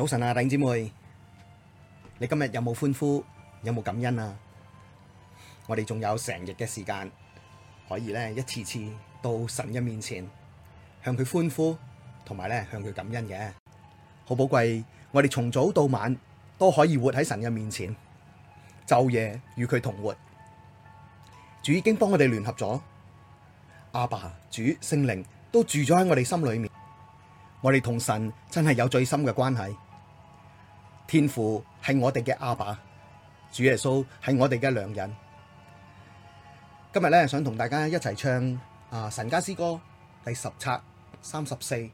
早晨啊，弟兄姊妹，你今日有冇歡呼？有冇感恩啊？我哋仲有成日嘅時間，可以咧一次次到神嘅面前，向佢歡呼，同埋咧向佢感恩嘅，好寶貴。我哋從早到晚都可以活喺神嘅面前，晝夜與佢同活。主已經幫我哋聯合咗，阿爸主聖靈都住咗喺我哋心裏面，我哋同神真係有最深嘅關係。天父係我哋嘅阿爸，主耶穌係我哋嘅良人。今日呢想同大家一齊唱啊《神家詩歌》第十冊三十四《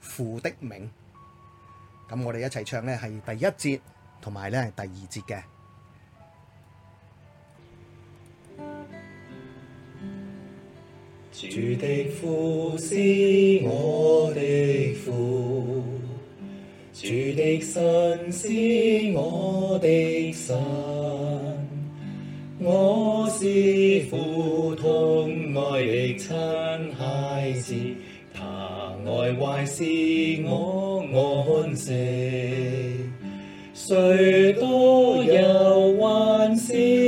父的名》。咁我哋一齊唱呢係第一節，同埋呢係第二節嘅。主的父是我的父，主的神是我的神，我是父疼愛的親孩子，他愛懷是我我安息，雖多憂患試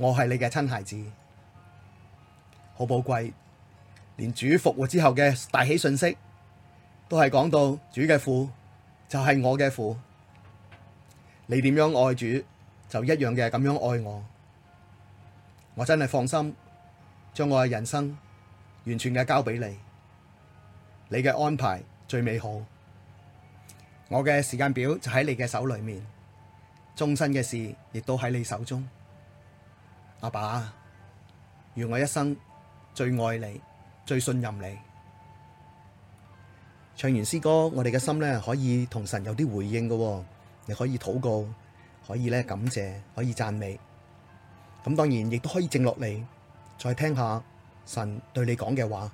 我係你嘅親孩子，好寶貴。連主復活之後嘅大喜訊息，都係講到主嘅父就係我嘅父。你點樣愛主，就一樣嘅咁樣愛我。我真係放心，將我嘅人生完全嘅交俾你。你嘅安排最美好。我嘅時間表就喺你嘅手裏面，終身嘅事亦都喺你手中。阿爸，爸，願我一生最愛你、最信任你。唱完詩歌，我哋嘅心咧可以同神有啲回應嘅、哦，你可以禱告，可以咧感謝，可以讚美。咁當然亦都可以靜落嚟，再聽下神對你講嘅話。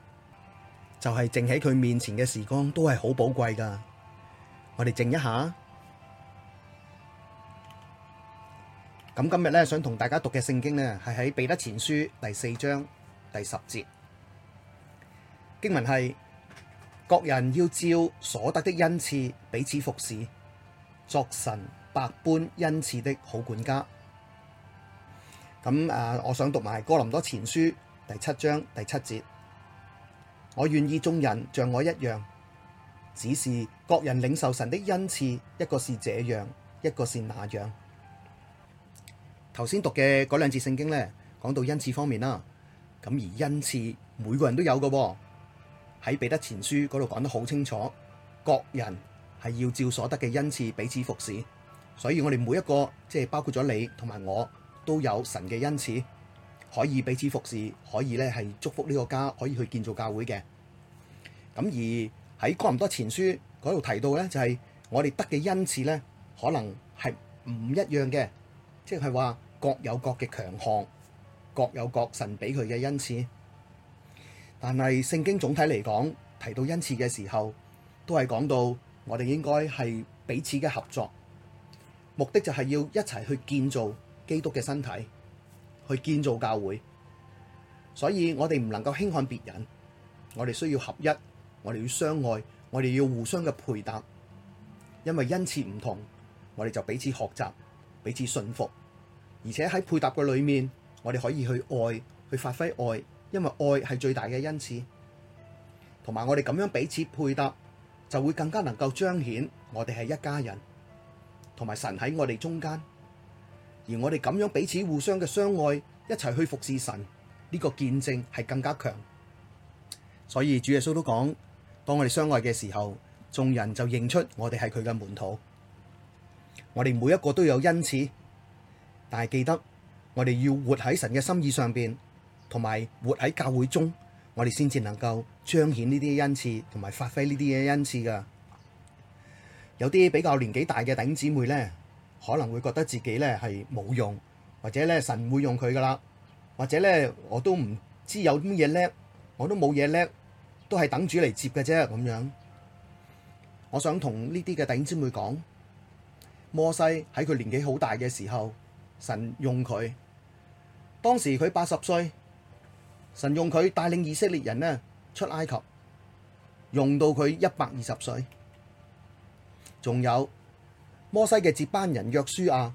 就係、是、靜喺佢面前嘅時光都係好寶貴噶。我哋靜一下。咁今日呢，想同大家讀嘅聖經呢，係喺彼得前書第四章第十節經文係：各人要照所得的恩賜彼此服事，作神百般恩賜的好管家。咁啊，我想讀埋哥林多前書第七章第七節：我願意眾人像我一樣，只是各人領受神的恩賜，一個是這樣，一個是那樣。頭先讀嘅嗰兩節聖經呢，講到恩賜方面啦，啊。咁而恩賜每個人都有嘅，哦，喺彼得前書嗰度講得好清楚，各人係要照所得嘅恩賜彼此服事。所以我哋每一個，即係包括咗你同埋我，都有神嘅恩賜，可以彼此服侍，可以呢係祝福呢個家，可以去建造教會嘅。咁而喺哥林多前書嗰度提到呢，就係、是、我哋得嘅恩賜呢，可能係唔一樣嘅，即係話。各有各嘅強項，各有各神俾佢嘅恩賜。但係聖經總體嚟講，提到恩賜嘅時候，都係講到我哋應該係彼此嘅合作，目的就係要一齊去建造基督嘅身體，去建造教會。所以我哋唔能夠輕看別人，我哋需要合一，我哋要相愛，我哋要互相嘅配搭。因為恩賜唔同，我哋就彼此學習，彼此信服。而且喺配搭嘅裏面，我哋可以去愛，去發揮愛，因為愛係最大嘅恩賜。同埋我哋咁樣彼此配搭，就會更加能夠彰顯我哋係一家人，同埋神喺我哋中間。而我哋咁樣彼此互相嘅相愛，一齊去服侍神，呢個見證係更加強。所以主耶穌都講，當我哋相愛嘅時候，眾人就認出我哋係佢嘅門徒。我哋每一個都有恩賜。但係記得，我哋要活喺神嘅心意上邊，同埋活喺教會中，我哋先至能夠彰顯呢啲恩賜，同埋發揮呢啲嘅恩賜噶。有啲比較年紀大嘅弟兄姊妹咧，可能會覺得自己咧係冇用，或者咧神會用佢噶啦，或者咧我都唔知有啲乜嘢叻，我都冇嘢叻，都係等主嚟接嘅啫咁樣。我想同呢啲嘅弟兄姊妹講，摩西喺佢年紀好大嘅時候。神用佢，當時佢八十歲，神用佢帶領以色列人咧出埃及，用到佢一百二十歲。仲有摩西嘅接班人約書亞，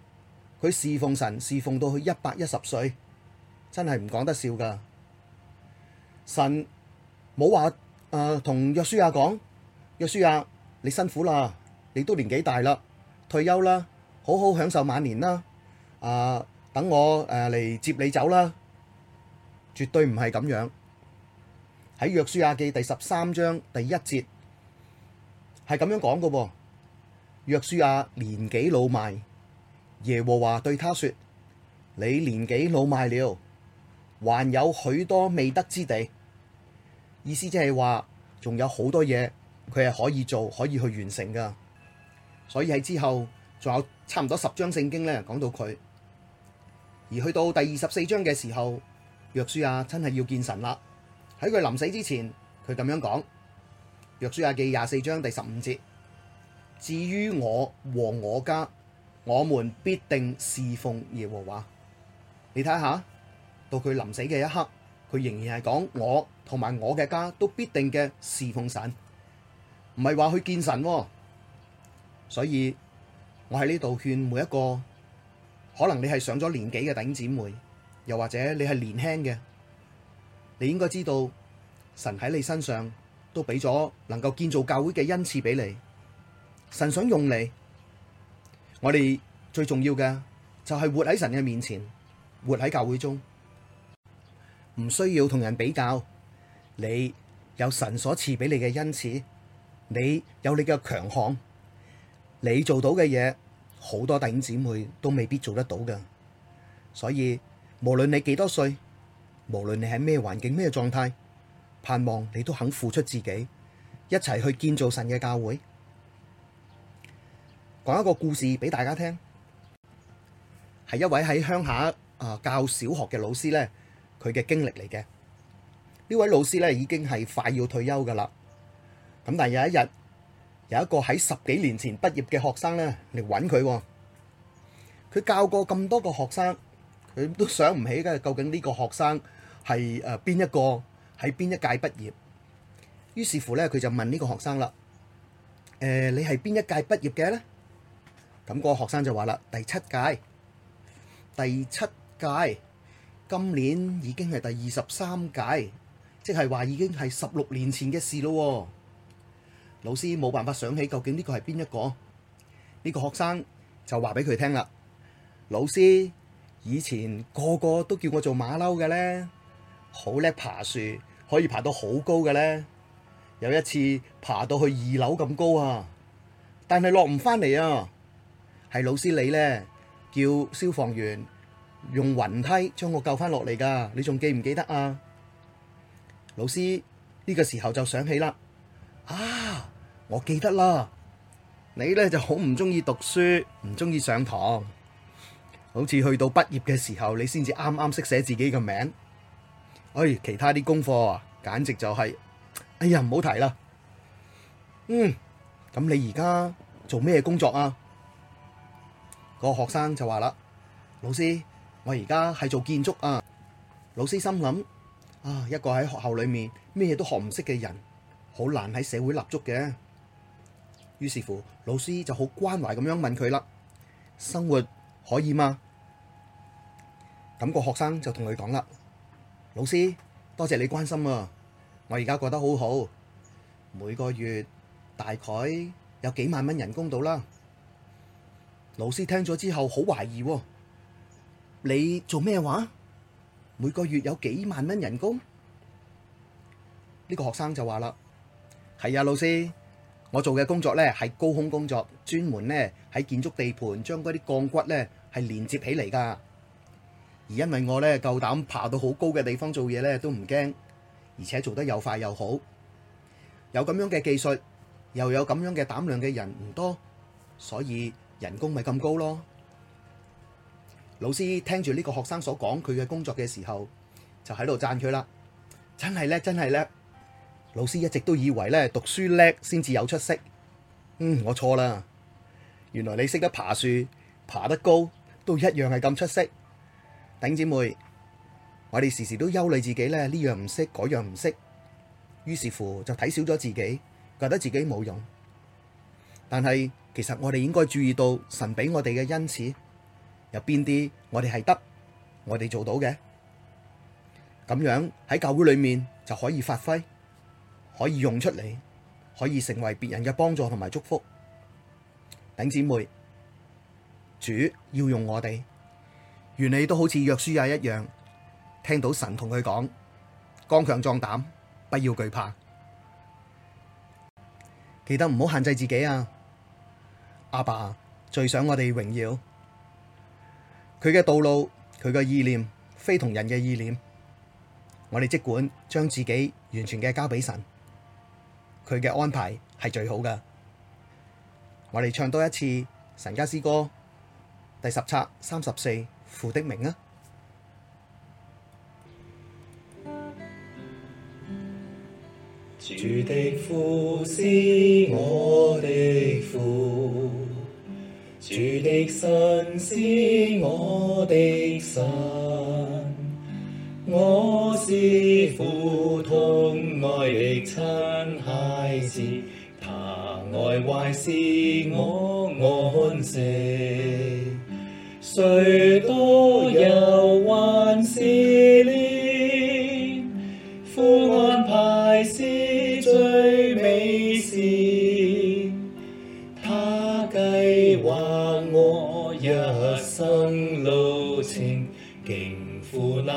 佢侍奉神侍奉到佢一百一十歲，真係唔講得笑㗎。神冇話誒，同、呃、約書亞講，約書亞你辛苦啦，你都年紀大啦，退休啦，好好享受晚年啦。啊！等我誒嚟、啊、接你走啦，絕對唔係咁樣。喺約書亞記第十三章第一節係咁樣講嘅噃。約書亞年紀老邁，耶和華對他說：你年紀老邁了，還有許多未得之地。意思即係話，仲有好多嘢佢係可以做，可以去完成噶。所以喺之後仲有差唔多十章聖經咧，講到佢。而去到第二十四章嘅時候，約書亞真係要見神啦。喺佢臨死之前，佢咁樣講：約書亞記廿四章第十五節，至於我和我家，我們必定侍奉耶和華。你睇下，到佢臨死嘅一刻，佢仍然係講我同埋我嘅家都必定嘅侍奉神，唔係話去見神喎。所以我喺呢度勸每一個。可能你係上咗年紀嘅頂姊妹，又或者你係年輕嘅，你應該知道神喺你身上都俾咗能夠建造教會嘅恩賜俾你。神想用你，我哋最重要嘅就係活喺神嘅面前，活喺教會中，唔需要同人比較。你有神所賜俾你嘅恩賜，你有你嘅強項，你做到嘅嘢。好多弟兄姊妹都未必做得到嘅，所以無論你幾多歲，無論你喺咩環境、咩狀態，盼望你都肯付出自己，一齊去建造神嘅教會。講一個故事俾大家聽，係一位喺鄉下啊教小學嘅老師咧，佢嘅經歷嚟嘅。呢位老師咧已經係快要退休噶啦，咁但係有一日。有一個喺十幾年前畢業嘅學生呢，嚟揾佢，佢教過咁多個學生，佢都想唔起嘅，究竟呢個學生係誒邊一個喺邊一屆畢業。於是乎呢，佢就問呢個學生啦：「誒、呃，你係邊一屆畢業嘅呢？」咁個學生就話啦：第七屆，第七屆，今年已經係第二十三屆，即係話已經係十六年前嘅事咯、哦。老師冇辦法想起究竟呢個係邊一個？呢個學生就話俾佢聽啦。老師以前個個都叫我做馬騮嘅咧，好叻爬樹，可以爬到好高嘅咧。有一次爬到去二樓咁高啊，但係落唔翻嚟啊！係老師你咧叫消防員用雲梯將我救翻落嚟㗎。你仲記唔記得啊？老師呢個時候就想起啦，啊！我記得啦，你咧就好唔中意讀書，唔中意上堂，好似去到畢業嘅時候，你先至啱啱識寫自己嘅名。唉，其他啲功課啊，簡直就係，哎呀，唔好提啦。嗯，咁你而家做咩工作啊？個學生就話啦，老師，我而家係做建築啊。老師心諗啊，一個喺學校裏面咩都學唔識嘅人，好難喺社會立足嘅。於是乎，老師就好關懷咁樣問佢啦：生活可以嗎？咁、那個學生就同佢講啦：老師，多謝你關心啊！我而家過得好好，每個月大概有幾萬蚊人工度啦。老師聽咗之後好懷疑、啊：你做咩話？每個月有幾萬蚊人工？呢、這個學生就話啦：係啊，老師。我做嘅工作呢，係高空工作，專門呢，喺建築地盤將嗰啲鋼骨呢，係連接起嚟㗎。而因為我呢夠膽爬到好高嘅地方做嘢呢，都唔驚，而且做得又快又好。有咁樣嘅技術，又有咁樣嘅膽量嘅人唔多，所以人工咪咁高咯。老師聽住呢個學生所講佢嘅工作嘅時候，就喺度讚佢啦，真係叻，真係叻！老師一直都以為咧讀書叻先至有出息，嗯，我錯啦！原來你識得爬樹，爬得高都一樣係咁出色。弟姐妹，我哋時時都憂慮自己咧，呢樣唔識，嗰樣唔識，於是乎就睇少咗自己，覺得自己冇用。但係其實我哋應該注意到神俾我哋嘅恩賜有邊啲，我哋係得，我哋做到嘅，咁樣喺教會裏面就可以發揮。可以用出嚟，可以成為別人嘅幫助同埋祝福。頂姊妹，主要用我哋，願你都好似約書亞一樣，聽到神同佢講，剛強壯膽，不要懼怕。記得唔好限制自己啊！阿爸，爸最想我哋榮耀佢嘅道路，佢嘅意念非同人嘅意念。我哋即管將自己完全嘅交俾神。佢嘅安排係最好噶，我哋唱多一次《神家詩歌》第十冊三十四，父的名啊！主的父是我的父，主的神是我的神。我是父疼愛的親孩子，祂愛懷是我我安息。雖多憂患，